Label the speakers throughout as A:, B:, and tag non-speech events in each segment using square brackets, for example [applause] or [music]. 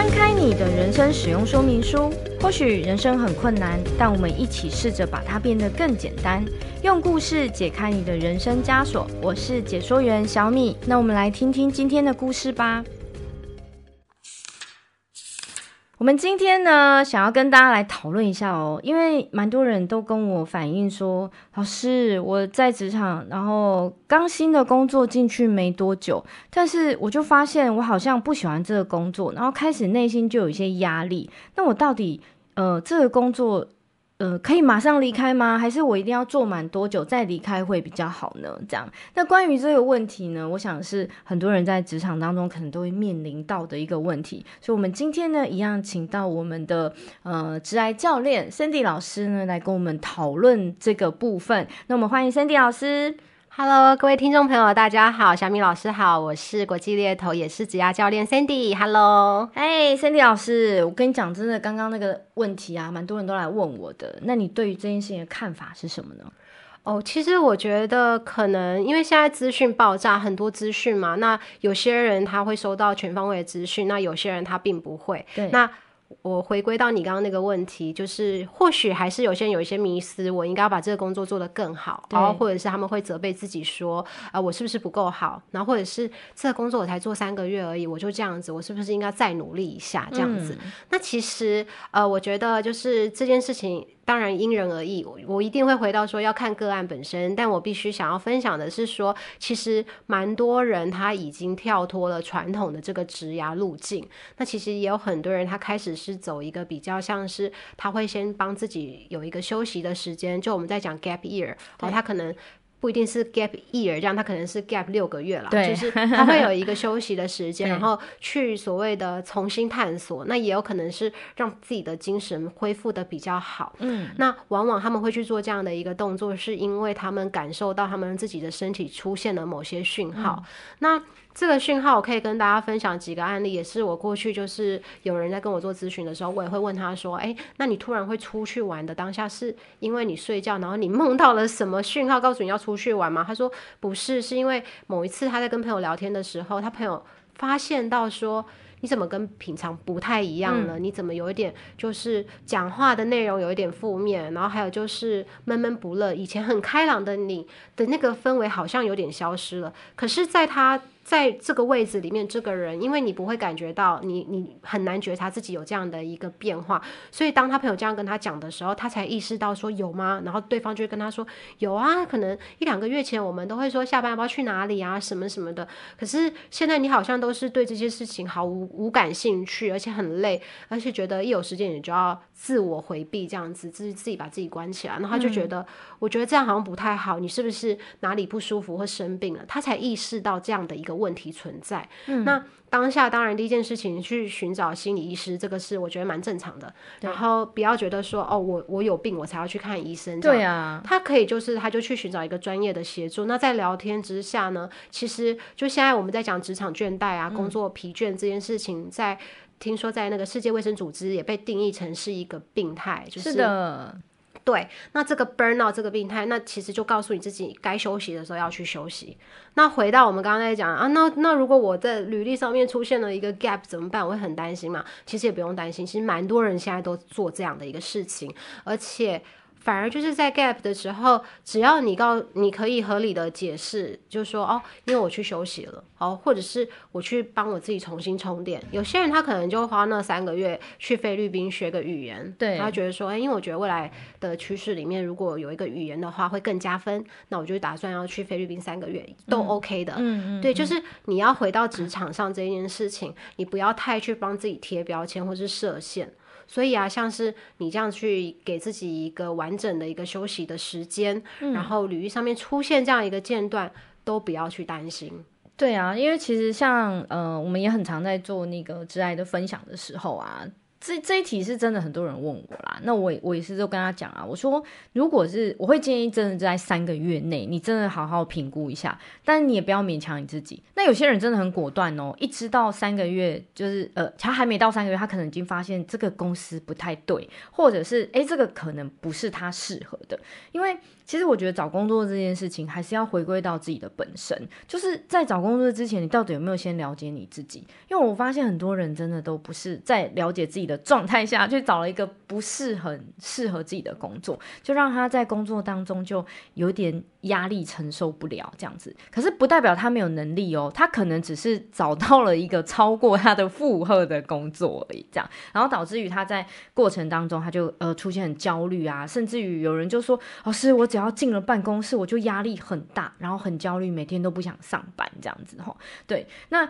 A: 翻開你的人生使用說明書，或許人生很困難，但我們一起試着把它變得更簡單。用故事解開你的人生枷鎖，我是解說員小米。那我們來聽聽今天的故事吧。我們今天呢，想要跟大家來討論一下哦，因為蠻多人都跟我反映說，老師我在職場，然後剛新的工作進去沒多久，但是我就發現我好像不喜歡這個工作，然後開始內心就有一些壓力。那我到底，呃，這個工作？呃，可以馬上離開嗎？還是我一定要做滿多久再離開會比較好呢？這樣，那關於這個問題呢，我想是很多人在職場當中可能都會面臨到的一個問題。所以，我們今天呢，一樣請到我們的呃職涯教練 Sandy 老師呢，來跟我們討論這個部分。那我們歡迎 Sandy 老師。哈嘍各位聽眾朋友，大家好，小米老師好，我是國際獵頭，也是職涯教練 Sandy。Hello，誒，Sandy 老師，我跟你講，真的，剛剛那個問題啊，蠻多人都來問我的。那你對於這件事情的看法是什麼呢？哦，
B: 其實我覺得可能因為現在資訊爆炸，很多資訊嘛，那有些人他會收到全方位的資訊，那有些人他並不會。對，那。我回歸到你剛剛那個問題，就是或許還是有些人有一些迷思，我應該要把這個工作做得更好，對然後或者是他們會責備自己說，啊、呃，我是不是不夠好？然後或者是這個工作我才做三個月而已，我就這樣子，我是不是應該再努力一下？這樣子？嗯、那其實，呃，我覺得就是這件事情。當然因人而異，我我一定會回到說要看個案本身，但我必須想要分享的是說，其實蠻多人他已經跳脫了傳統的這個職涯路徑，那其實也有很多人他開始是走一個比較像是他會先幫自己有一個休息的時間，就我們在講 gap year，對哦，他可能。不一定是 gap year 這樣，它可能是 gap 六個月了，對 就是它會有一個休息的時間， [laughs] 然後去所謂的重新探索，嗯、那也有可能是讓自己的精神恢復的比較好。嗯，那往往他們會去做這樣的一個動作，是因為他們感受到他們自己的身體出現了某些訊號。嗯、那這個訊號，我可以跟大家分享幾個案例，也是我過去就是有人在跟我做諮詢的時候，我也會問他說：“哎、欸，那你突然會出去玩的當下，是因為你睡覺，然後你夢到了什麼訊號，告訴你要出去玩嗎？”他說：“不是，是因為某一次他在跟朋友聊天的時候，他朋友發現到說，你怎麼跟平常不太一樣了？嗯、你怎麼有一點就是講話的內容有一點負面，然後還有就是悶悶不樂，以前很開朗的你的那個氛圍好像有點消失了。可是，在他。”在這個位置裡面，這個人因為你不會感覺到你，你你很難覺察自己有這樣的一個變化，所以當他朋友這樣跟他講的時候，他才意識到說有嗎？然後對方就會跟他說有啊，可能一兩個月前我們都會說下班要不去哪裡啊，什麼什麼的，可是現在你好像都是對這些事情毫無無感興趣，而且很累，而且覺得一有時間你就要自我回避這樣子，自自己把自己關起來，然後他就覺得，嗯、我覺得這樣好像不太好，你是不是哪裡不舒服或生病了？他才意識到這樣的一個。問題存在，嗯、那當下當然第一件事情去尋找心理醫師，這個是我覺得蠻正常的。對然後不要覺得說哦，我我有病我才要去看醫生這樣。對啊，他可以就是他就去尋找一個專業的協助。那在聊天之下呢，其實就現在我們在講職場倦怠啊、工作疲倦這件事情在，在、嗯、聽說在那個世界衛生組織也被定義成是一個病態，就是，是的。對，那這個 burnout 這個病態，那其實就告訴你自己該休息的時候要去休息。那回到我們剛剛在講啊，那那如果我在履歷上面出現了一個 gap 怎麼辦？我會很擔心嘛？其實也不用擔心，其實蠻多人現在都做這樣的一個事情，而且。反而就是在 gap 的時候，只要你告你可以合理的解釋，就說哦，因為我去休息了，哦，或者是我去幫我自己重新充電。有些人他可能就花那三個月去菲律賓學個語言，對，他覺得說，哎，因為我覺得未來的趨勢裡面，如果有一個語言的話會更加分，那我就打算要去菲律賓三個月，都 OK 的。嗯嗯，對，嗯、就是你要回到職場上這件事情，嗯、你不要太去幫自己貼標籤或是設限。所以啊，像是你這樣去給自己一個完整的一個休息的時間，嗯、然後履歷上面出現這樣一個間斷，都不要去擔心。
A: 對啊，因為其實像呃，我們也很常在做那個職涯的分享的時候啊，這這一題是真的很多人問我啦，那我我也是就跟他講啊，我說如果是我會建議真的在三個月內，你真的好好評估一下，但你也不要勉強你自己。那有些人真的很果斷哦，一直到三個月，就是呃，他還沒到三個月，他可能已經發現這個公司不太對，或者是，誒，這個可能不是他適合的，因為。其實我覺得找工作這件事情還是要回歸到自己的本身，就是在找工作之前，你到底有沒有先了解你自己？因為我發現很多人真的都不是在了解自己的狀態下去找了一個不是很適合自己的工作，就讓他在工作當中就有點壓力承受不了這樣子。可是不代表他沒有能力哦，他可能只是找到了一個超過他的負荷的工作而已，這樣，然後導致於他在過程當中他就呃出現很焦慮啊，甚至於有人就說：“老師，我然後只進了辦公室，我就壓力很大，然後很焦慮，每天都不想上班這樣子哈。對，那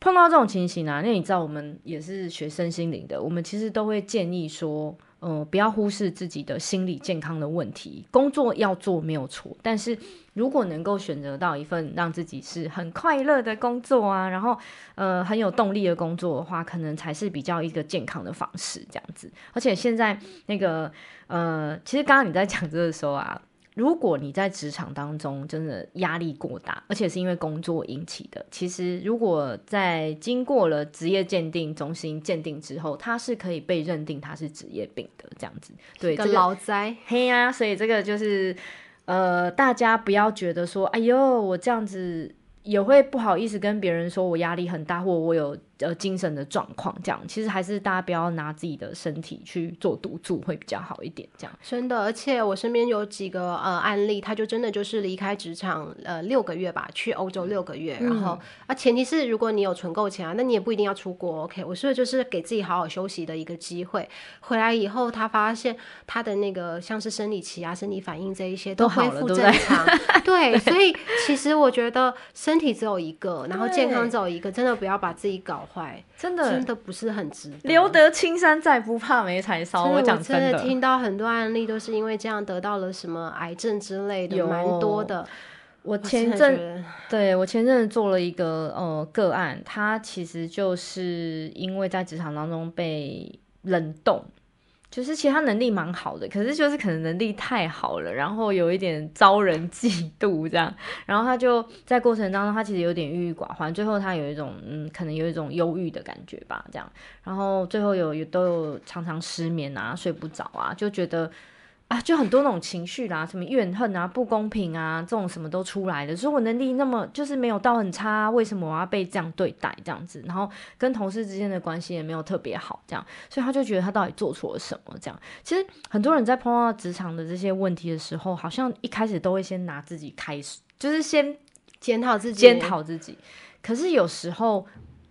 A: 碰到這種情形啊，那你知道我們也是學生心靈的，我們其實都會建議說，嗯、呃，不要忽視自己的心理健康的問題。工作要做沒有錯，但是如果能夠選擇到一份讓自己是很快樂的工作啊，然後呃很有動力的工作的話，可能才是比較一個健康的方式這樣子。而且現在那個呃，其實剛剛你在講這個的時候啊。如果你在職場當中真的壓力過大，而且是因為工作引起的，其實如果在經過了職業鑑定中心鑑定之後，它是可以被認定它是職業病的。這樣子，對，這個勞災，嘿呀、啊，所以這個就是，呃，大家不要覺得說，哎呦，我這樣子也會不好意思跟別人說我壓力很大，或我有。呃，精神的狀況這樣，其實還是大家不要拿自己的身體去做賭注會比較好一點。這樣
B: 真的，而且我身邊有幾個呃案例，他就真的就是離開職場呃六個月吧，去歐洲六個月，嗯、然後啊，前提是如果你有存夠錢啊，那你也不一定要出國。OK，我說就是給自己好好休息的一個機會。回來以後，他發現他的那個像是生理期啊、生理反應這一些都恢復正常。對， [laughs] 對，所以其實我覺得身體只有一個，然後健康只有一個，對真的不要把自己搞壞，真的真的不是很值得。留得青山在，不怕沒柴燒。的我講真的，聽到很多案例都是因為這樣得到了什麼癌症之類的，有蠻多的。
A: 我前陣對我前陣做了一個呃個案，他其實就是因為在職場當中被冷凍。就是其實他能力蠻好的，可是就是可能能力太好了，然後有一點招人嫉妒這樣，然後他就在過程當中，他其實有點鬱鬱寡歡，最後他有一種嗯，可能有一種憂鬱的感覺吧，這樣，然後最後有有都有常常失眠啊，睡不着啊，就覺得。啊，就很多那種情緒啦，什麼怨恨啊、不公平啊，這種什麼都出來的。所以我能力那麼就是沒有到很差啊，為什麼我要被這樣對待這樣子？然後跟同事之間的關係也沒有特別好，這樣，所以他就覺得他到底做錯了什麼？這樣，其實很多人在碰到職場的這些問題的時候，好像一開始都會先拿自己開始，就是先檢討自己，檢討自己。可是有時候。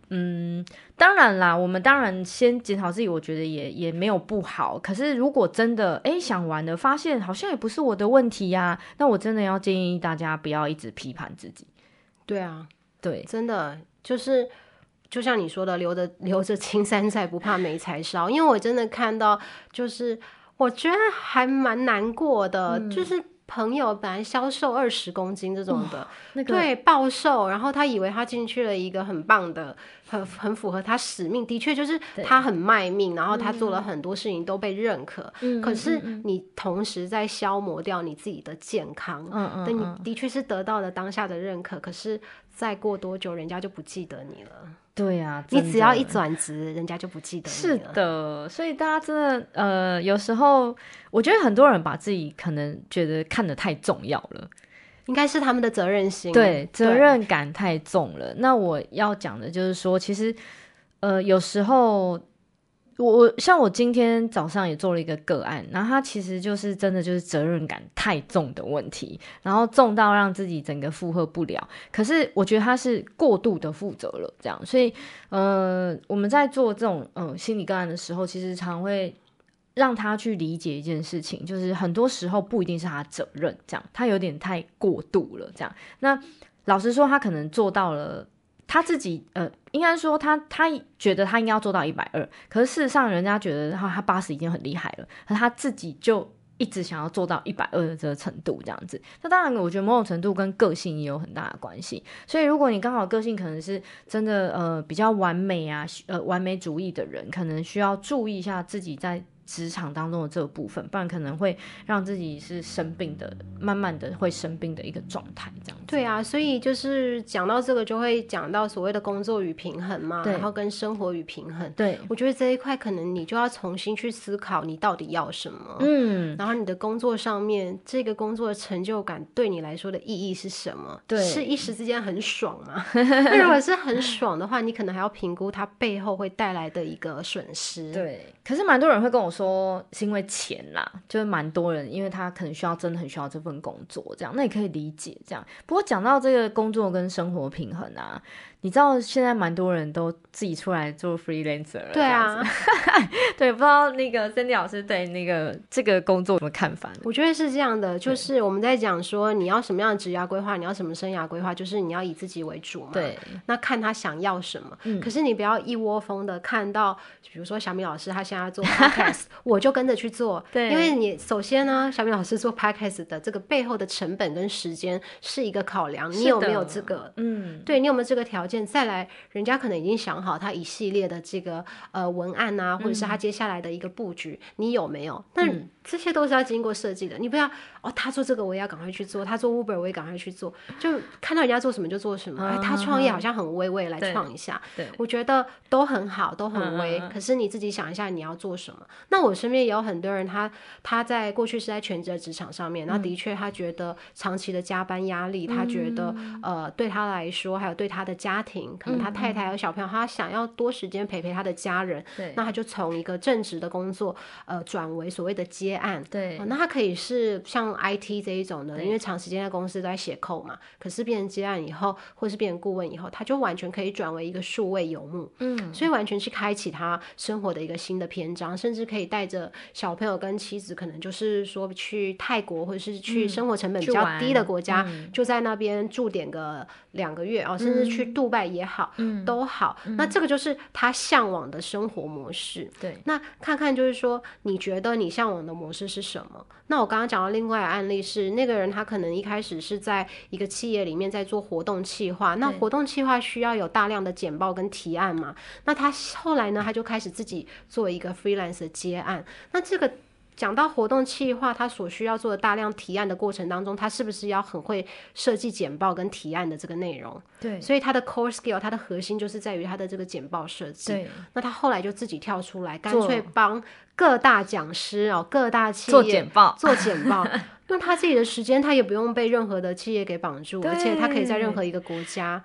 A: 嗯，當然啦，我們當然先檢討自己，我覺得也也沒有不好。可是如果真的誒、欸、想玩的，發現好像也不是我的問題呀、啊，那我真的要建議大家不要一直批判自己。
B: 對啊，對，真的就是就像你說的，留着留着青山在，不怕沒柴燒。 [laughs] 因為我真的看到，就是我覺得還蠻難過的，嗯、就是。朋友本來消瘦二十公斤這種的，哦那個，對暴瘦，然後他以為他進去了一個很棒的，很很符合他使命。的確，就是他很賣命，對然後他做了很多事情都被認可。嗯、可是你同時在消磨掉你自己的健康。嗯嗯，但你的確是得到了當下的認可，嗯嗯嗯、可是再過多久，人家就不記得你了。
A: 對呀，啊，你只要一轉職，人家就不記得。是的，所以大家真的，呃，有時候我覺得很多人把自己可能覺得看得太重要了，應該是他們的責任心，對，對，責任感太重了。那我要講的就是說，其實，呃，有時候。我我像我今天早上也做了一個個案，然後他其實就是真的就是責任感太重的問題，然後重到讓自己整個負荷不了。可是我覺得他是過度的負責了，這樣。所以，呃，我們在做這種嗯、呃、心理個案的時候，其實常會讓他去理解一件事情，就是很多時候不一定是他責任，這樣。他有點太過度了，這樣。那老實說，他可能做到了。他自己呃，應該說他他覺得他應該要做到一百二，可是事實上人家覺得他他八十已經很厲害了，可他自己就一直想要做到一百二的這個程度這樣子。那當然，我覺得某種程度跟個性也有很大的關係。所以如果你剛好個性可能是真的呃比較完美啊，呃完美主義的人，可能需要注意一下自己在。職場當中的這個部分，不然可能會讓自己是生病的，慢慢的會生病的一個狀態，這樣
B: 子。對啊，所以就是講到這個，就會講到所謂的工作與平衡嘛，對然後跟生活與平衡。對。我覺得這一塊，可能你就要重新去思考，你到底要什麼。嗯。然後你的工作上面，這個工作的成就感對你來說的意義是什麼？對，是一時之間很爽嗎？啊？ [laughs] 那如果是很爽的話，
A: 你可能還要評估它背後會帶來的一個損失。對，可是蠻多人會跟我說。說是因為錢啦，就是蠻多人，因為他可能需要，真的很需要這份工作，這樣，那也可以理解。這樣，不過講到這個工作跟生活平衡啊。你知道現在蠻多人都自己出來做 freelancer 了，對啊， [laughs] 對，不知道那個 Sandy 老師對那個這個工作有什麼看法？我
B: 覺得是這樣的，就是我們在講說對你要什麼樣的職業規劃，你要什麼生涯規劃，就是你要以自己為主嘛。對，那看他想要什麼。嗯、可是你不要一窩蜂的看到，比如說小米老師他現在要做 podcast， [laughs] 我就跟着去做。對。因為你首先呢、啊，小米老師做 podcast 的這個背後的成本跟時間是一個考量，你有沒有資格？嗯，對你有沒有這個條？再來，人家可能已經想好，他一系列的這個呃文案吶、啊，或者是他接下來的一個佈局，你有沒有？但這些都是要經過設計的。你不要哦，他做這個我也要趕快去做，他做 Uber 我也趕快去做，就看到人家做什麼就做什麼、哎。他創業好像很威，我也來創一下。對，我覺得都很好，都很威。可是你自己想一下，你要做什麼？那我身邊也有很多人，他他在過去是在全職的職場上面，那的確他覺得長期的加班壓力，他覺得呃對他來說，還有對他的家。家庭可能他太太和小朋友，嗯嗯他想要多時間陪陪他的家人，對，那他就從一個正職的工作，呃，轉為所謂的接案，對、哦，那他可以是像 IT 這一種呢？對因為長時間在公司都在寫扣嘛，可是變成接案以後，或是變成顧問以後，他就完全可以轉為一個數位游牧，嗯，所以完全是開啟他生活的一個新的篇章，甚至可以帶着小朋友跟妻子，可能就是說去泰國，或者是去生活成本比較低的國家，嗯嗯、就在那邊駐點個兩個月啊、哦，甚至去度、嗯。腐敗也好，嗯，都好，那這個就是他嚮往的生活模式。對、嗯，那看看就是說，你覺得你嚮往的模式是什麼？對那我剛剛講到另外一個案例是，那個人他可能一開始是在一個企業裡面在做活動企劃，對那活動企劃需要有大量的簡報跟提案嘛，那他後來呢，他就開始自己做一個 freelance 的接案，那這個。講到活動企劃，他所需要做的大量提案的過程當中，他是不是要很會設計簡報跟提案的這個內容？對，所以他的 core skill，他的核心就是在於他的這個簡報設計。對，那他後來就自己跳出來，乾脆幫各大講師做、哦、各大企業做簡報，做簡報。那 [laughs] 他自己的時間，他也不用被任何的企業給綁住，對而且他可以在任何一個國家。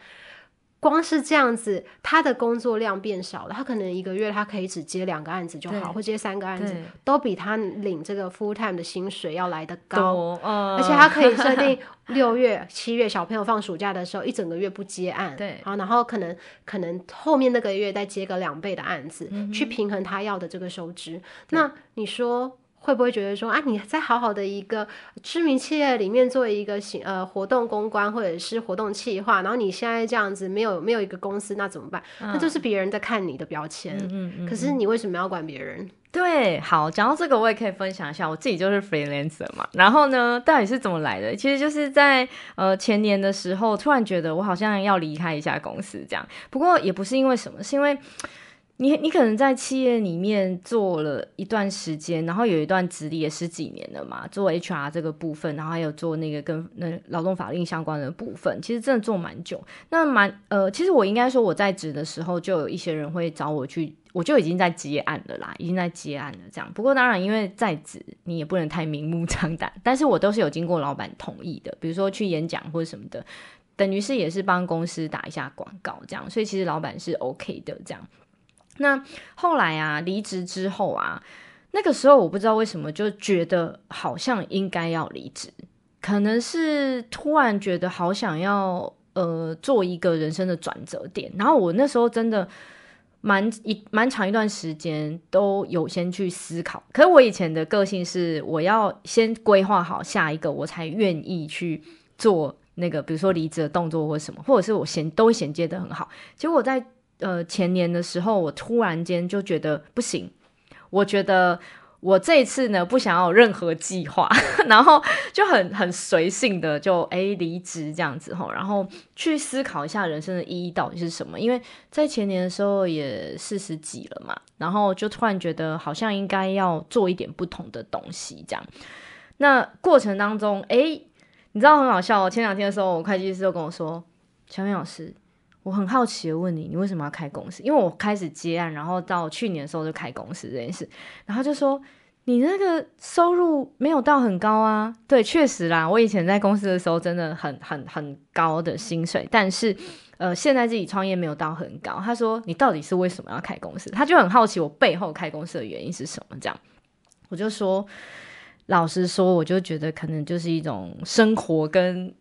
B: 光是這樣子，他的工作量變少了，他可能一個月他可以只接兩個案子就好，對或接三個案子，對都比他領這個 full time 的薪水要來得高。Uh, 而且他可以設定六月、 [laughs] 七月小朋友放暑假的時候一整個月不接案，對然後可能可能後面那個月再接個兩倍的案子，對去平衡他要的這個收支。對那你說？會不會覺得說啊，你在好好的一個知名企業裡面做一個行呃活動公關或者是活動企劃，然後你現在這樣子沒有沒有一個公司，那怎麼辦？嗯、那就是別人在看你的標籤。嗯，嗯嗯。可是你為什麼要管別人？
A: 對，好，講到這個我也可以分享一下，我自己就是 freelancer 嘛。然後呢，到底是怎麼來的？其實就是在呃前年的時候，突然覺得我好像要離開一下公司這樣。不過也不是因為什麼，是因為。你你可能在企業裡面做了一段時間，然後有一段資歷也十幾年了嘛，做 HR 這個部分，然後還有做那個跟那勞動法令相關的部分，其實真的做蠻久。那蠻呃，其實我應該說我在職的時候，就有一些人會找我去，我就已經在接案了啦，已經在接案了這樣。不過當然，因為在職你也不能太明目張膽，但是我都是有經過老闆同意的，比如說去演講或者什麼的，等於是也是幫公司打一下廣告這樣，所以其實老闆是 OK 的這樣。那後來啊，離職之後啊，那個時候我不知道為什麼就覺得好像應該要離職，可能是突然覺得好想要呃做一個人生的轉折點。然後我那時候真的蠻一蠻長一段時間都有先去思考，可是我以前的個性是我要先規劃好下一個，我才願意去做那個，比如說離職的動作或什麼，或者是我銜都銜接的很好。結果我在。呃，前年的時候，我突然間就覺得不行，我覺得我這一次呢不想要有任何計劃，然後就很很隨性的就哎離職這樣子吼，然後去思考一下人生的意義到底是什麼，因為在前年的時候也四十幾了嘛，然後就突然覺得好像應該要做一點不同的東西這樣。那過程當中，哎，你知道很好笑哦，前兩天的時候，我會計師就跟我說，喬明老師。我很好奇地問你，你為什麼要開公司？因為我開始接案，然後到去年的時候就開公司這件事，然後就說你那個收入沒有到很高啊。對，確實啦，我以前在公司的時候真的很很很高的薪水，但是呃，現在自己創業沒有到很高。他說你到底是為什麼要開公司？他就很好奇我背後開公司的原因是什麼，這樣，我就說，老實說，我就覺得可能就是一種生活跟。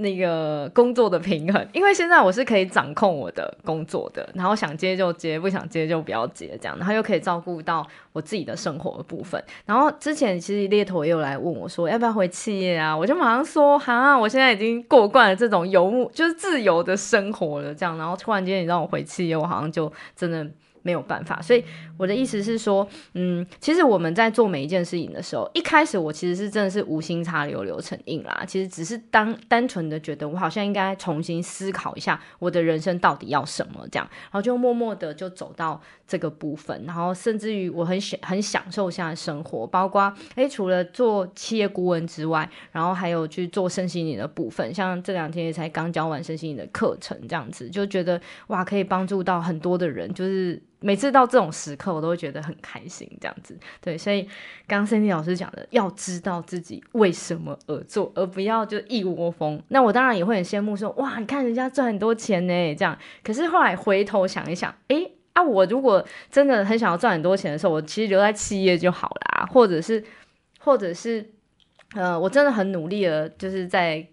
A: 那個工作的平衡，因為現在我是可以掌控我的工作的，然後想接就接，不想接就不要接，這樣，然後又可以照顧到我自己的生活的部分。然後之前其實獵頭又來問我，說要不要回企業啊？我就馬上說，好啊，我現在已經過慣了這種遊牧，就是自由的生活了，這樣。然後突然間你讓我回企業，我好像就真的。沒有辦法，所以我的意思是說，嗯，其實我們在做每一件事情的時候，一開始我其實是真的是無心插柳柳成蔭啦。其實只是單單純的覺得我好像應該重新思考一下我的人生到底要什麼這樣，然後就默默的就走到這個部分，然後甚至於我很很享受現在生活，包括誒，除了做企業顧問之外，然後還有去做身心靈的部分，像這兩天才剛教完身心靈的課程這樣子，就覺得哇，可以幫助到很多的人，就是。每次到這種時刻，我都會覺得很開心，這樣子。對，所以剛剛 Sandy 老師講的，要知道自己為什麼而做，而不要就一窩蜂。那我當然也會很羨慕說，說哇，你看人家賺很多錢呢，這樣。可是後來回頭想一想，誒、欸，啊，我如果真的很想要賺很多錢的時候，我其實留在企業就好啦，或者是，或者是，呃，我真的很努力的，就是在。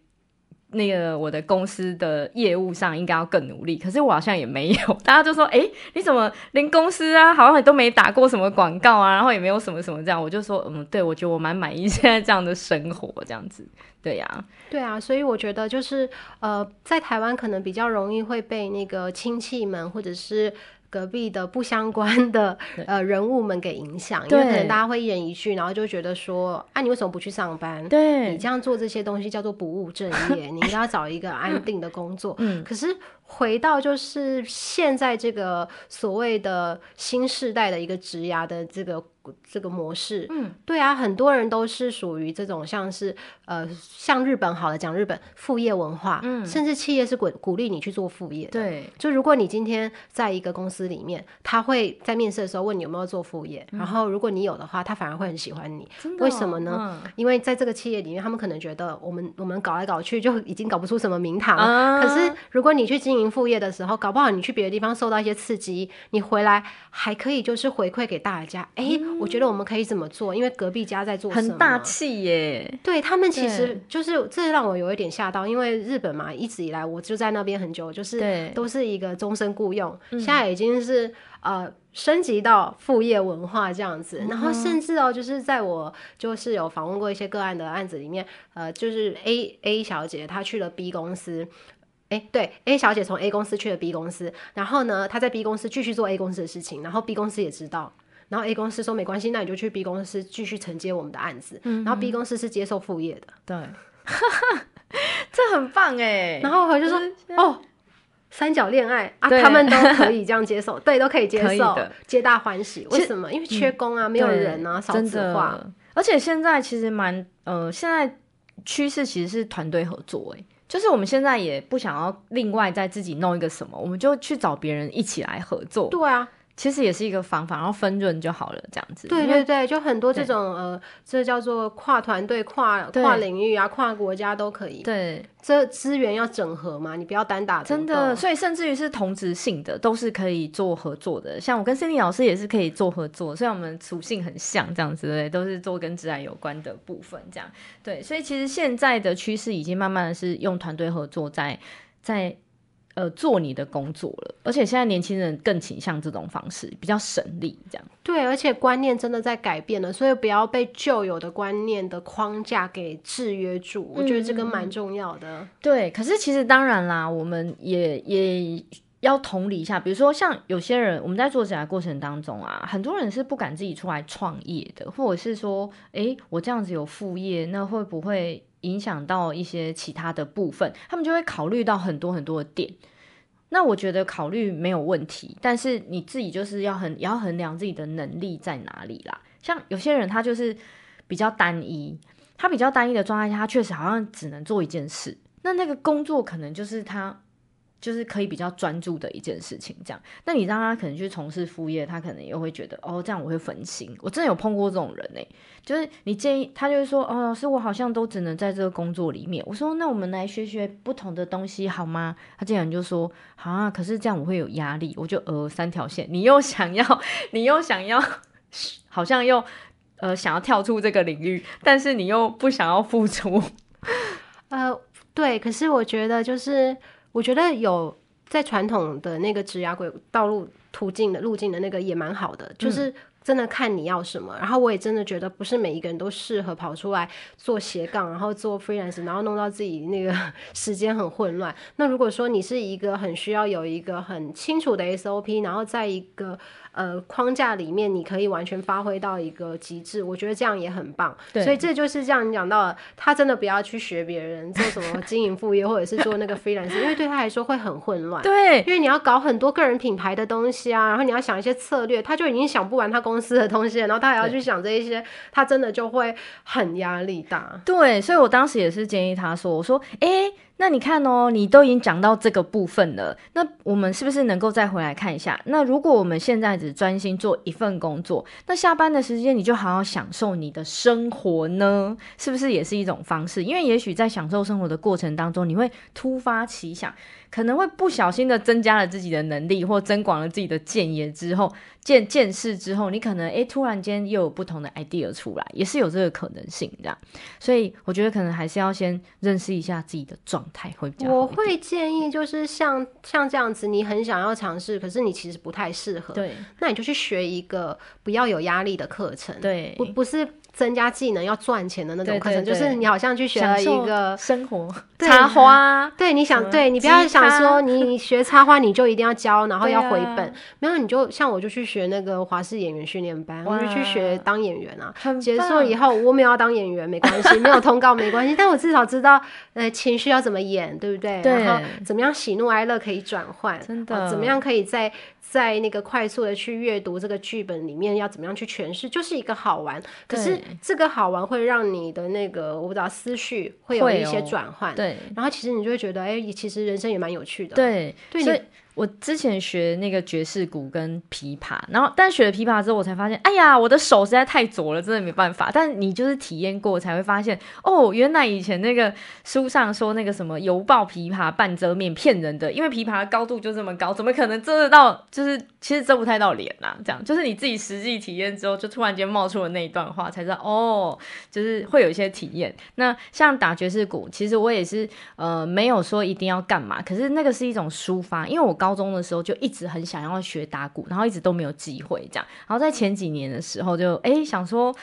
A: 那個我的公司的業務上應該要更努力，可是我好像也沒有。大家就說：“哎，你怎麼連公司啊，好像也都沒打過什麼廣告啊，然後也沒有什麼什麼這樣。”我就說：“嗯，對，我覺得我蠻滿意現在這樣的生活，這樣子，對呀，
B: 對啊。”所以我覺得就是呃，在台灣可能比較容易會被那個親戚們或者是。隔壁的不相關的呃人物們給影響，對因為可能大家會一人一句，然後就覺得說，哎、啊，你為什麼不去上班？對，你這樣做這些東西叫做不務正業， [laughs] 你應該找一個安定的工作。 [laughs] 嗯嗯、可是回到就是現在這個所謂的新世代的一個職涯的這個。這個模式，嗯，對啊，很多人都是屬於這種，像是呃，像日本好，好的講日本副業文化，嗯、甚至企業是鼓鼓勵你去做副業，對，就如果你今天在一個公司裡面，他會在面試的時候問你有沒有做副業，嗯、然後如果你有的話，他反而會很喜歡你，哦、為什麼呢？嗯、因為在這個企業裡面，他們可能覺得我們我們搞來搞去就已經搞不出什麼名堂，嗯、可是如果你去經營副業的時候，搞不好你去別的地方受到一些刺激，你回來還可以就是回饋給大家，嗯、誒。我覺得我們可以怎麼做？因為隔壁家在做很大氣耶。
A: 對，他們其實
B: 就是這讓我有一點嚇到，對因為日本嘛，一直以來我就在那邊很久，就是都是一個終身僱傭，對現在已經是呃升級到副業文化這樣子。嗯、然後甚至哦、喔，就是在我就是有訪問過一些個案的案子裡面，呃，就是 A A 小姐她去了 B 公司，哎、欸，對，A 小姐從 A 公司去了 B 公司，然後呢她在 B 公司繼續做 A 公司的事情，然後 B 公司也知道。然後 A 公司說，沒關係，那你就去 B 公司繼續承接我們的案子。然後 B 公司是接受副業的。對，這很棒哎。然後我就說哦，三角戀愛啊，他們都可以這樣接受，對，都可以接受，
A: 皆大歡喜。為什麼？因為缺工啊，沒有人啊，少子化。而且現在其實蠻呃，現在趨勢其實是團隊合作哎，就是我們現在也不想要另外再自己弄一個什麼，我們就去找別人一起來合作。對啊。其實也是一個方法，然後分潤就好了，這樣子。嗯、對對
B: 對，就很多這種對呃，這叫做跨團隊、跨對跨領域啊，跨國家都可以。對，
A: 這資源要整合嘛，你不要單打獨鬥。真的，所以甚至於是同質性的都是可以做合作的。像我跟 Sandy 老師也是可以做合作，雖然我們屬性很像，這樣子對，都是做跟職涯有關的部分，這樣。對，所以其實現在的趨勢已經慢慢的，是用團隊合作在在。呃，做你的工作了，而且現在年輕人更傾向這種方式，比較省力，這樣。
B: 對，而且觀念真的在改變了，所以不要被舊有的觀念的框架給制約住，嗯，我覺得這個蠻重要的。
A: 對，可是其實當然啦，我們也也要同理一下，比如說像有些人，我們在做職涯過程當中啊，很多人是不敢自己出來創業的，或者是說，哎、欸，我這樣子有副業，那會不會？影響到一些其他的部分，他們就會考慮到很多很多的點。那我覺得考慮沒有問題，但是你自己就是要衡，也要衡量自己的能力在哪裡啦。像有些人他就是比較單一，他比較單一的狀態下，他確實好像只能做一件事。那那個工作可能就是他。就是可以比較專注的一件事情，這樣。那你讓他可能去從事副業，他可能又會覺得哦，這樣我會分心。我真的有碰過這種人呢、欸，就是你建議他，就是說，哦，老師，我好像都只能在這個工作裡面。我說，那我們來學學不同的東西好嗎？他竟然就說，好啊。可是這樣我會有壓力，我就呃三條線，你又想要，你又想要，好像又呃想要跳出這個領域，但是你又不想要付出。
B: 呃，對，可是我覺得就是。我覺得有在傳統的那個職涯軌道路途徑的路徑的那個也蠻好的，就是。嗯真的看你要什麼，然後我也真的覺得不是每一個人都適合跑出來做斜槓，然後做 freelance，然後弄到自己那個時間很混亂。那如果說你是一個很需要有一個很清楚的 SOP，然後在一個呃框架裡面，你可以完全發揮到一個極致，我覺得這樣也很棒。對，所以這就是這樣你講到了，他真的不要去學別人做什麼經營副業， [laughs] 或者是做那個 freelance，因為對他來說會很混亂。對，因為你要搞很多個人品牌的東西啊，然後你要想一些策略，他就已經想不完他工作。公司的東西，然後他還要去想這一些，對他真的就會很壓力大。
A: 對，所以我當時也是建議他說：“我說，誒、欸。那你看哦，你都已經講到這個部分了，那我們是不是能夠再回來看一下？那如果我們現在只專心做一份工作，那下班的時間你就好好享受你的生活呢？是不是也是一種方式？因為也許在享受生活的過程當中，你會突發奇想，可能會不小心的增加了自己的能力，或增廣了自己的見言之後見見識之後，你可能誒突然間又有不同的 idea 出來，也是有這個可能性的。所以我覺得可能還是要先認識一下自己的狀。會
B: 我會建議，就是像像這樣子，你很想要嘗試，可是你其實不太適合，對，那你就去學一個不要有壓力的課程，對，不不是。增加技能要賺錢的那種課程，就是你好像去學了一個生活插花。對，你想，對，你不要想說你學插花你就一定要教，然後要回本。沒有，你就像我就去學那個華視演員訓練班，我就去學當演員啊。很棒。結束以後我沒有要當演員，沒關係，沒有通告沒關係，但我至少知道呃情緒要怎麼演，對不對？對。然後怎麼樣喜怒哀樂可以轉換？真的，怎麼樣可以在。在那個快速的去閱讀這個劇本裡面，要怎麼樣去詮釋，就是一個好玩。對可是這個好玩會讓你的那個，我不知道思緒會有一些轉換。對，然後其實你就會覺得，哎、欸，其實人生也蠻有趣的。對，所以你
A: 我之前學那個爵士鼓跟琵琶，然後但學了琵琶之後，我才發現，哎呀，我的手實在太左了，真的沒辦法。但你就是體驗過，才會發現哦，原來以前那個書上說那個什麼“猶抱琵琶半遮面”騙人的，因為琵琶的高度就這麼高，怎麼可能遮得到？就是其實遮不太到臉吶、啊。這樣就是你自己實際體驗之後，就突然間冒出了那一段話，才知道哦，就是會有一些體驗。那像打爵士鼓，其實我也是呃，沒有說一定要幹嘛，可是那個是一種抒發，因為我剛。高中的時候就一直很想要學打鼓，然後一直都沒有機會。這樣，然後在前幾年的時候就哎、欸、想說。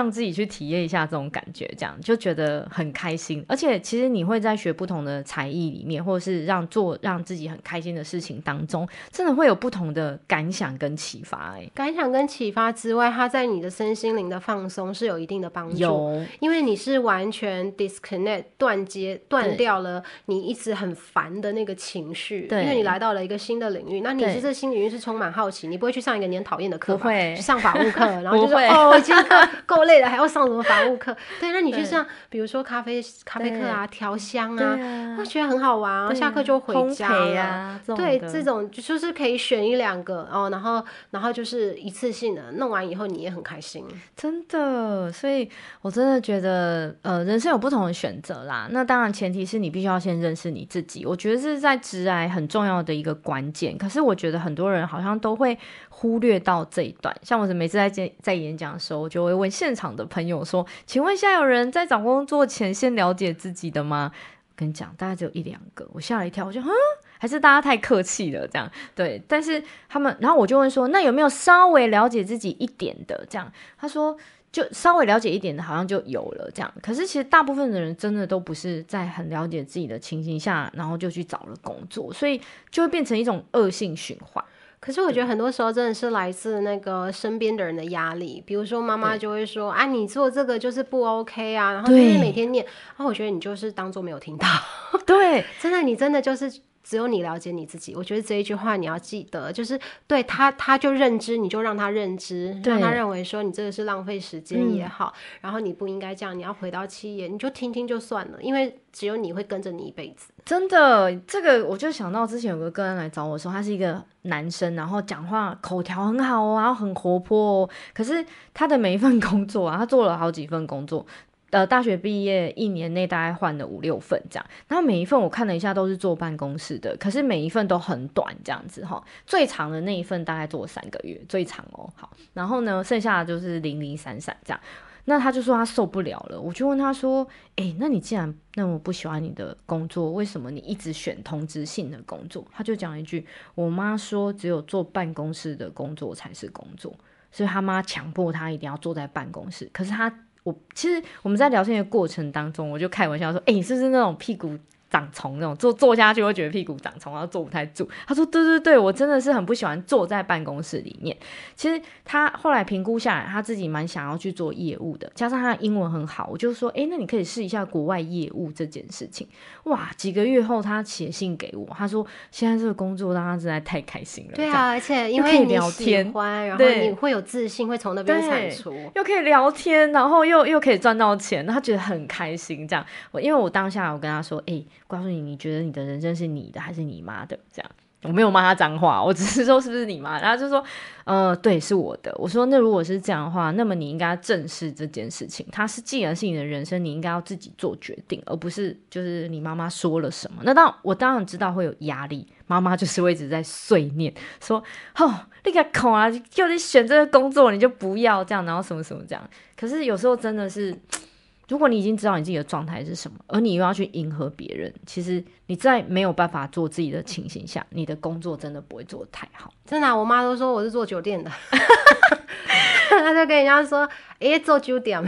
A: 讓自己去體驗一下這種感覺，這樣就覺得很開心。而且，其實你會在學不同的才藝裡面，或者是讓做讓自己很開心的事情當中，真的會有不同的感想跟啟發。哎，
B: 感想跟啟發之外，它在你的身心靈的放鬆是有一定的幫助。有，因為你是完全 disconnect 斷接斷掉了你一直很煩的那個情緒，對因為你來到了一個新的領域。那你是這新領域是充滿好奇，對你不會去上一個你很討厭的課吧？會上法務課，然後就說 [laughs] 會哦，今天夠。累了還要上什麼法務課？ [laughs] 對，那你去上，對比如說咖啡咖啡課啊，調對香啊，啊那覺得很好玩，啊，啊、下課就回家呀，啊，啊、對，這種，這種就是可以選一兩個，哦，然後然後然後就是一次性的弄完以後，你也很開心。
A: 真的，所以我真的覺得，呃，人生有不同的選擇啦。那當然前提是你必須要先認識你自己，我覺得是在職涯很重要的一個關鍵。可是我覺得很多人好像都會忽略到這一段。像我每次在在演講的時候，我就會問現現場的朋友說：“請問下，有人在找工作前先了解自己的嗎？”我跟你講，大概只有一兩個，我嚇了一跳，我就哼，還是大家太客氣了這樣。對，但是他們，然後我就問說：“那有沒有稍微了解自己一點的這樣？”他說：“就稍微了解一點的，好像就有了這樣。”可是其實大部分的人真的都不是在很了解自己的情形下，然後就去找了工作，所以就會變成一種惡性循環。可是
B: 我覺得很多時候真的是來自那個身邊的人的壓力，嗯、比如說媽媽就會說：“對 啊，你做這個就是不 OK 啊。”然後天天對 每天念，然後啊我覺得你就是當做沒有聽到。對， [laughs] 真的，你真的就是。只有你了解你自己，我覺得這一句話你要記得，就是對他，他就認知，你就讓他認知，讓對他認為說你這個是浪費時間也好，嗯、然後你不應該這樣，你要回到企業，你就聽聽就算了，因為只有你會跟着你一輩子。
A: 真的，這個我就想到之前有個客人來找我說，他是一個男生，然後講話口條很好啊、哦，然後很活潑哦，可是他的每一份工作啊，他做了好幾份工作。呃，大學畢業一年內大概換了五六份這樣，然後每一份我看了一下，都是坐辦公室的，可是每一份都很短，這樣子哈，最長的那一份大概做三個月，最長哦。好，然後呢，剩下的就是零零散散這樣。那他就說他受不了了，我就問他說：“欸，那你既然那麼不喜歡你的工作，為什麼你一直選通知性的工作？”他就講一句：“我媽說只有坐辦公室的工作才是工作，所以他媽強迫他一定要坐在辦公室，可是他。”我，其實我們在聊天的過程當中，我就開玩笑說：“誒，你是不是那種屁股？”長蟲那種坐坐下去會覺得屁股長蟲，然後坐不太住。他說：“對對對，我真的是很不喜歡坐在辦公室裡面。”其實他後來評估下來，他自己蠻想要去做業務的，加上他的英文很好，我就說：“哎、欸，那你可以試一下國外業務這件事情。”哇！幾個月後，他寫信給我，他說：“現在這個工作讓他真的太開心了。”對啊，而
B: 且因為可以聊天你喜歡，然後你會有自信，對，會從那邊產
A: 出，又可以聊天，然後又又可以賺到錢，他覺得很開心。這樣，我因為我當下我跟他說：“哎、欸。”告訴你，你覺得你的人生是你的還是你媽的？這樣，我沒有罵她髒話，我只是說是不是你媽？然後就說，呃，對，是我的。我說那如果是這樣的話，那麼你應該正視這件事情。她是既然是你的人生，你應該要自己做決定，而不是就是你媽媽說了什麼。那當然，我當然知道會有壓力，媽媽就是會一直在碎念，說哦，那個空啊，就得選這個工作，你就不要這樣，然後什麼什麼這樣。可是有時候真的是。如果你已經知道你自己的狀態是什麼，而你又要去迎合別人，其實你在沒有辦法做自己的情形下，你的工作真的不會做得太好。真的啊！
B: 我媽都說我是做酒店的，她 [laughs] [laughs] 就跟人家說。也做酒店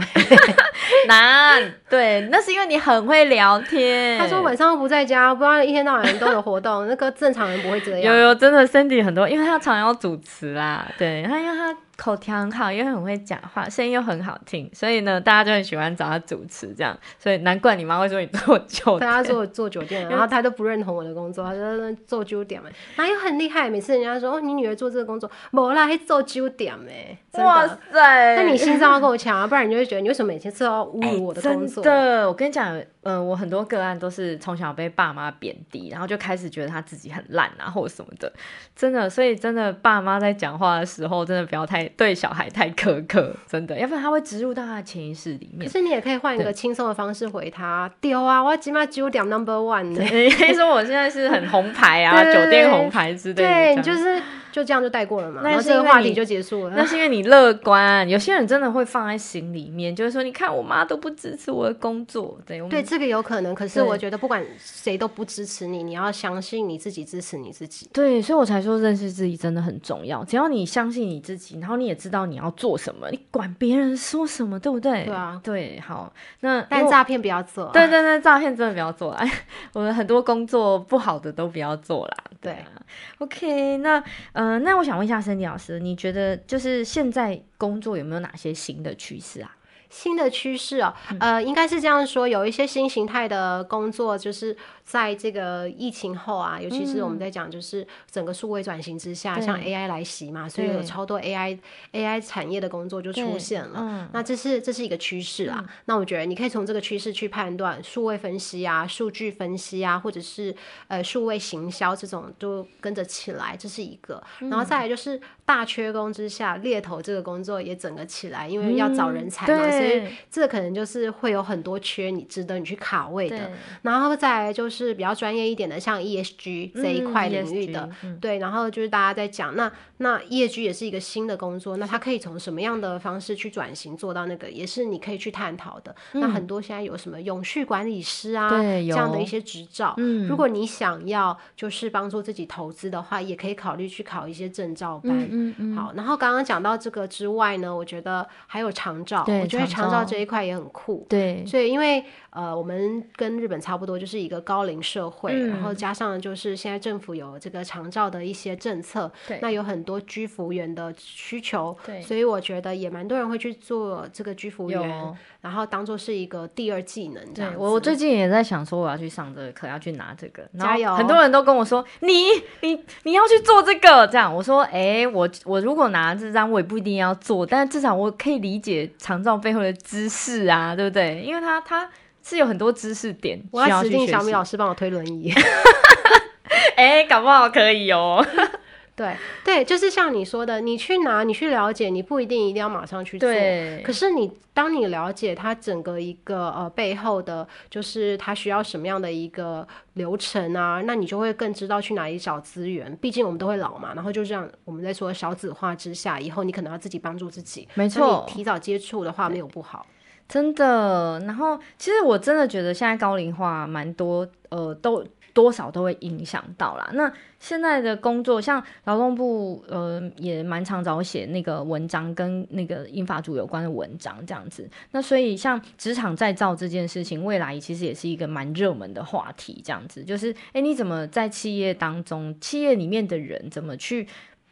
B: 難、欸， [laughs] [laughs] 對，那是因為你很會聊天。 [laughs] 他說晚上又不在家，不知道一天到晚都有活動。那個正常人不會這樣。 [laughs] 有有，
A: 真的，Sandy 很多，因為他常要主持啦，對，他因為他口條很好，也很會講話，聲音又很好聽，所以呢，大家就很喜歡找他主持這樣。所以難怪你媽會說你做酒店，說我做，做酒店，因為 然後他
B: 都不認同我的工作，他說做酒店嘛、欸，他又很厲害。每次人家說哦，你女兒做這個工作，沒啦，去做酒店誒、欸，
A: 哇塞，那你心臟。 [laughs] 夠強啊！不然你就會覺得你為什麼每天都要侮辱我的工作？對、欸，我跟你講，嗯、呃，我很多個案都是從小被爸媽貶低，然後就開始覺得他自己很爛啊，或者什麼的。真的，所以真的，爸媽在講話的時候，真的不要太對小孩太苛刻，真的，要不然他會植入到他的潛意識裡面。可是
B: 你也可以換一個輕鬆的方式回他，丟對啊！我起碼只有點 number one。你可以說我
A: 現在是很紅牌啊，酒店紅牌之類的。對， [laughs] 對就是。
B: 就這樣就帶
A: 過了嘛，然後這個話題就結束了。那是因為你樂觀、啊， [laughs] 有些人真的會放在心裡面，就是說，你看我媽都不支持我的工作，對對，我們對，這個有可能。可是我覺得不管誰
B: 都不支持你，對你要相信你自己，支持你自己。
A: 對，所以我才說認識自己真的很重要。只要你相信你自己，然後你也知道你要做什麼，你管別人說什麼，對不對？對啊，對，好。那但詐騙不要做、啊。對對對，詐騙真的不要做啦。哎、啊， [laughs] 我們很多工作不好的都不要做啦。對、啊、對，OK，那嗯。嗯、呃，那我想問一下 Sandy 老師，你覺得就是現在工作有沒有哪些新的趨勢啊？
B: 新的趨勢哦，呃，應該是這樣說，有一些新形態的工作，就是在這個疫情後啊，尤其是我們在講，就是整個數位轉型之下，嗯、像 AI 來襲嘛，對所以有超多 AI 對 AI 產業的工作就出現了。嗯、那這是這是一個趨勢啦。嗯、那我覺得你可以從這個趨勢去判斷，數位分析啊、數據分析啊，或者是呃數位行銷這種都跟着起來，這是一個。然後再來就是大缺工之下，獵頭這個工作也整個起來，因為要找人才嘛。嗯所以這可能就是會有很多缺，你值得你去卡位的。對然後再來就是比較專業一點的，像 ESG 這一塊領域的，嗯、對，然後就是大家在講、嗯、那那 ESG 也是一個新的工作，嗯、那它可以從什麼樣的方式去轉型做到那個，也是你可以去探討的。嗯、那很多現在有什麼永續管理師啊，這樣的一些執照，嗯、如果你想要就是幫助自己投資的話，也可以考慮去考一些證照班。嗯嗯嗯、好，然後剛剛講到這個之外呢，我覺得還有長照，對我覺得。長照這一塊也很酷，對，所以因為呃，我們跟日本差不多，就是一個高齡社會，嗯、然後加上就是現在政府有這個長照的一些政策，對，那有很多居服員的需求，對，所以我覺得也蠻多人會去做這個居服員，有然後當做是一個第二技能這樣。樣。我，我最近也
A: 在想說，我要去上這個課，要去拿這個。加油！很多人都跟我說，你你你要去做這個，這樣。我說，哎、欸，我我如果拿這張，我也不一定要做，但至少我可以理解長照背後。知識啊，對不對？因為他他是有很多知識點。我要請小米老師幫我推輪椅，哎、 [laughs] [laughs] 欸，搞不好可以哦。 [laughs] 對對，就是
B: 像你說的，你去拿，你去了解，你不一定一定要馬上去做。對。可是你當你了解它整個一個呃背後的，就是它需要什麼樣的一個流程啊，那你就會更知道去哪裡找資源。畢竟我們都會老嘛，然後就這樣我們在說少子化之下，以後你可能要自己幫助自己。沒錯。提早接觸的話沒有不好。
A: 真的。然後其實我真的覺得現在高齡化蠻多，呃，都。多少都會影響到啦。那現在的工作，像勞動部，呃，也蠻常找我寫那個文章，跟那個英法組有關的文章這樣子。那所以，像職場再造這件事情，未來其實也是一個蠻熱門的話題。這樣子，就是，哎，你怎麼在企業當中，企業裡面的人怎麼去？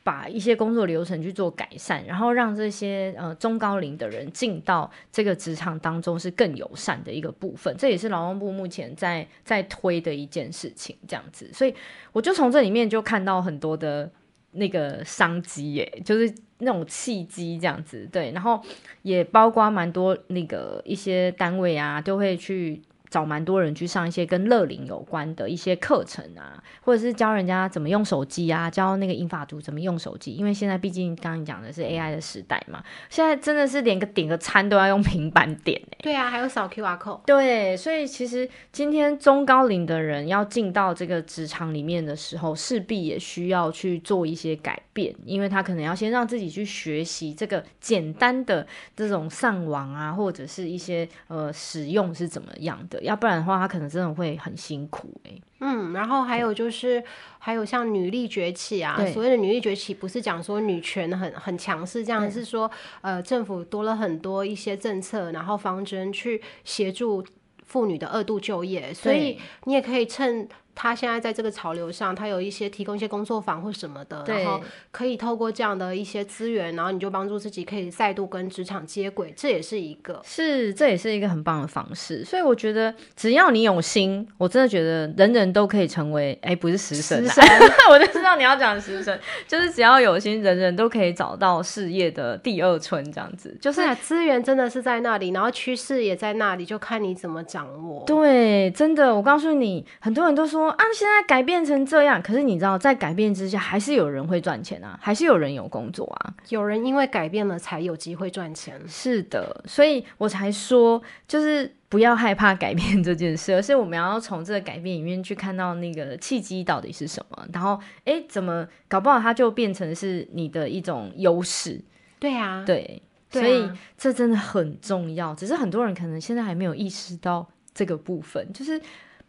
A: 把一些工作流程去做改善，然後讓這些呃中高齡的人進到這個職場當中是更友善的一個部分，這也是勞動部目前在在推的一件事情，這樣子。所以我就從這裡面就看到很多的那個商機，耶，就是那種契機這樣子，對。然後也包括蠻多那個一些單位啊，都會去。找蠻多人去上一些跟樂齡有關的一些課程啊，或者是教人家怎麼用手機啊，教那個銀髮族怎麼用手機，因為現在畢竟剛剛講的是 AI 的時代嘛，現在真的是連個點個餐都要用平板點、欸、對啊，還有掃 QR code。對，所以其實今天中高齡的人要進到這個職場裡面的時候，勢必也需要去做一些改變，因為他可能要先讓自己去學習這個簡單的這種上網啊，或者是一些呃使用是怎麼樣的。要不然的話，他可能真的會很辛苦、欸、
B: 嗯，然後還有就是，對 還有像女力崛起啊，對 所謂的女力崛起，不是講說女權很很強勢，這樣對 是說呃，政府多了很多一些政策，然後方針去協助婦女的二度就業，所以你也可以趁。他現在在這個潮流上，他有一些提供一些工作坊或什麼的，對然後可以透過這樣的一些資源，然後你就幫助自己可以再度跟職場接軌，這也是一個，是
A: 這也是一個很棒的方式。所以我覺得只要你有心，我真的覺得人人都可以成為哎，不是食神，食神、哎，我就知道你要講食神，生， [laughs] 就是只要有心，人人都可以找到事業的第二春，這樣子，是就
B: 是、啊、資源真的是在那裡，然後趨勢也在那裡，就看你怎麼掌握。
A: 對，真的，我告訴你，很多人都說。啊！現在改變成這樣，可是你知道，在改變之下，還是有人會賺錢啊，還是有人有工作啊，有人因為改變了才有機會賺錢。是的，所以我才說，就是不要害怕改變這件事，而是我們要從這個改變裡面去看到那個契機到底是什麼。然後，哎、欸，怎麼搞不好它就變成是你的一種優勢。
B: 對啊，對，對
A: 啊，所以這真的很重要。只是很多人可能現在還沒有意識到這個部分，就是。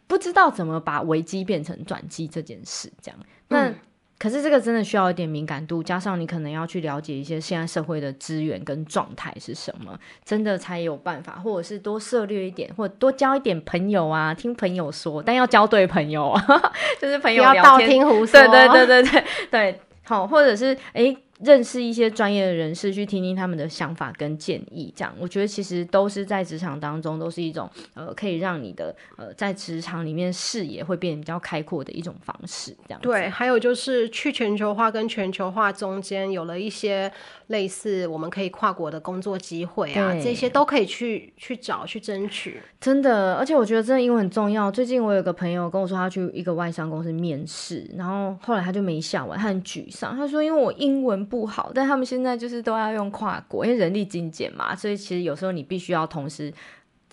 A: 不知道怎麼把危機變成轉機這件事，這樣、嗯、那可是這個真的需要一點敏感度，加上你可能要去了解一些現在社會的資源跟狀態是什麼，真的才有辦法，或者是多涉獵一點，或者多交一點朋友啊，聽朋友說，但要交對朋友， [laughs] 就是朋友 [laughs] 要道聽胡說， [laughs] 對對對對對對，對好，或者是哎，欸認識一些專業的人士，去聽聽他們的想法跟建議，這樣我覺得其實都是在職場當中都是一種呃，可以讓你的呃在職場裡面視野會變得比較開闊的一種方式。這樣對，
B: 還有就是去全球化跟全球化中間有了一些類似我們可以跨國的工作機會啊，對這些都可以去去找去爭取。
A: 真的，而且我覺得真的英文很重要。最近我有個朋友跟我說，他去一個外商公司面試，然後後來他就沒下文，他很沮喪。他說：“因為我英文。”不好，但他們現在就是都要用跨國，因為人力精簡嘛，所以其實有時候你必須要同時，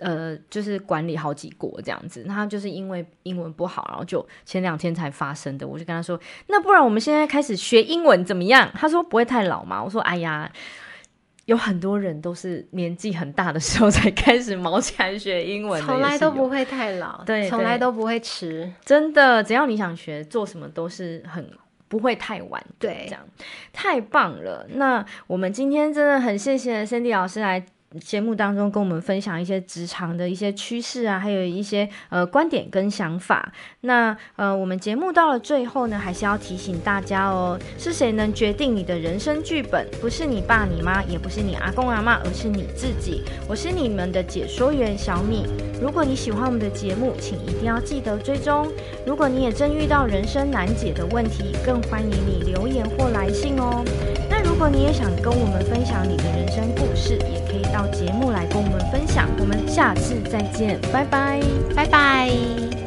A: 呃，就是管理好幾國這樣子。那他就是因為英文不好，然後就前兩天才發生的。我就跟他說，那不然我們現在開始學英文怎麼樣？他說不會太老嗎？我說哎呀，有很多人都是年紀很大的時候才開始卯起來學英文，從來都不會
B: 太老，對，從來都
A: 不會遲，真的，只要你想學，做什麼都是很。不會太晚，對，對，這樣太棒了。那我們今天真的很謝謝 Sandy 老師來。節目當中跟我們分享一些職場的一些趨勢啊，還有一些呃觀點跟想法。那呃，我們節目到了最後呢，還是要提醒大家哦，是誰能決定你的人生劇本？不是你爸你媽，也不是你阿公阿媽，而是你自己。我是你們的解說員小米。如果你喜歡我們的節目，請一定要記得追蹤。如果你也正遇到人生難解的問題，更歡迎你留言或來信哦。如果你也想跟我們分享你的人生故事，也可以到節目來跟我們分享。我們下次再見，拜拜，拜拜。